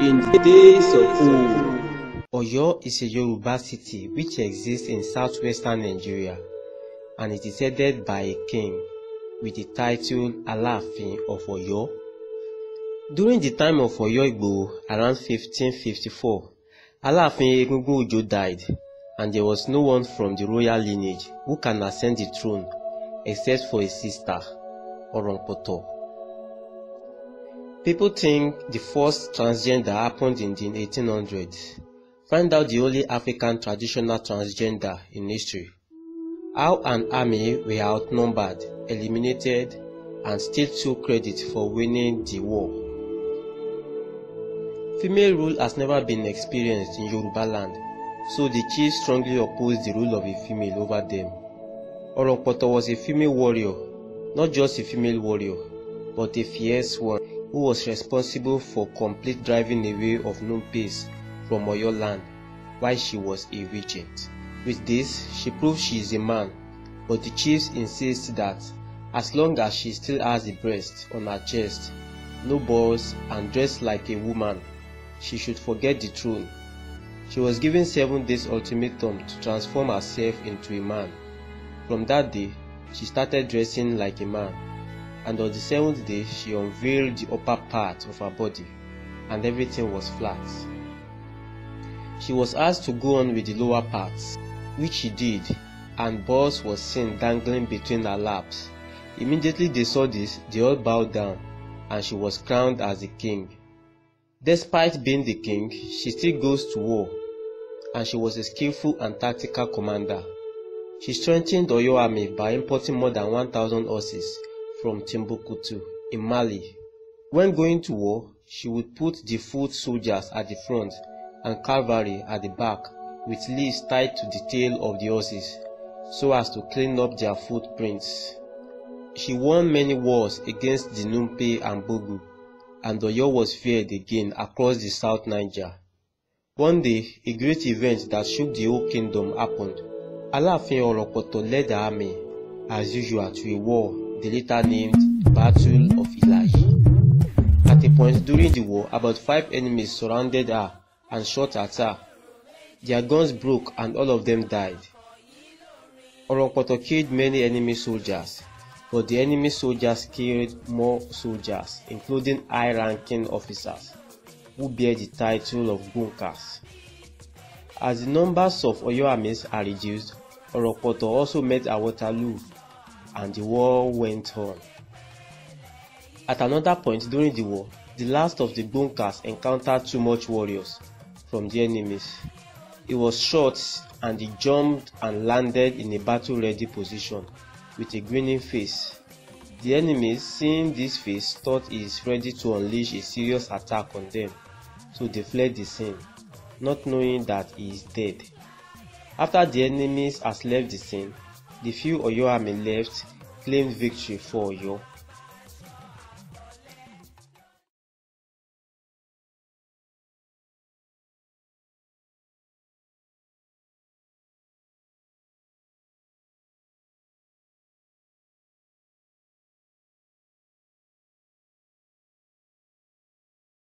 In the days of old, Oyo is a Yoruba city which exists in southwestern Nigeria, and it is headed by a king with the title Alaafin of Oyo. During the time of Oyo Igboho, around 1554, Alaafin Egungun Ojo died, and there was no one from the royal lineage who can ascend the throne except for his sister, Oronpoto. People think the first transgender happened in the 1800s. Find out the only African traditional transgender in history. How an army were outnumbered, eliminated, and still took credit for winning the war. Female rule has never been experienced in Yoruba land, so the chiefs strongly opposed the rule of a female over them. Oronpoto was a female warrior, not just a female warrior, but a fierce warrior who was responsible for complete driving away of peace from Oyo land while she was a regent. With this, she proves she is a man, but the chiefs insist that as long as she still has a breast on her chest, no balls and dressed like a woman, she should forget the throne. She was given seven days ultimatum to transform herself into a man. From that day, she started dressing like a man. And on the seventh day, she unveiled the upper part of her body, and everything was flat. She was asked to go on with the lower parts, which she did, and balls were seen dangling between her laps. Immediately they saw this, they all bowed down, and she was crowned as the king. Despite being the king, she still goes to war, and she was a skillful and tactical commander. She strengthened Oyo army by importing more than 1,000 horses from Timbuktu in Mali. When going to war, she would put the foot soldiers at the front and cavalry at the back with leaves tied to the tail of the horses so as to clean up their footprints. She won many wars against the Numpe and Bogu, and Oyo was feared again across the South Niger. One day, a great event that shook the whole kingdom happened. Alaafin Oropoto led the army, as usual, to a war the later named Battle of Elahi. At a point during the war, about five enemies surrounded her and shot at her. Their guns broke and all of them died. Orompoto killed many enemy soldiers, but the enemy soldiers killed more soldiers, including high-ranking officers, who bear the title of Gunkas. As the numbers of Oyo armies are reduced, Oropoto also met a Waterloo and the war went on. At another point during the war, the last of the Bunkas encountered too much warriors from the enemies. He was shot and he jumped and landed in a battle-ready position with a grinning face. The enemies, seeing this face, thought he is ready to unleash a serious attack on them, so they fled the scene, not knowing that he is dead. After the enemies has left the scene, the few Oyo army left claimed victory for Oyo.